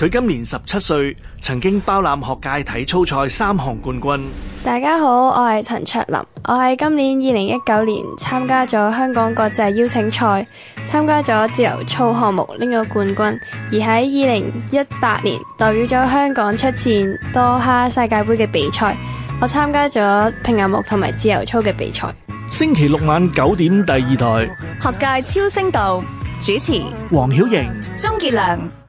佢今年十七歲，曾經包攬學界體操賽三項冠軍。大家好，我係陳卓琳，我喺今年二零一九年參加咗香港國際邀請賽，參加咗自由操項目拎咗冠軍，而喺二零一八年代表咗香港出戰多哈世界杯嘅比賽，我參加咗平衡木同埋自由操嘅比賽。星期六晚九點第二台，學界超聲道主持黃曉盈、鍾傑良。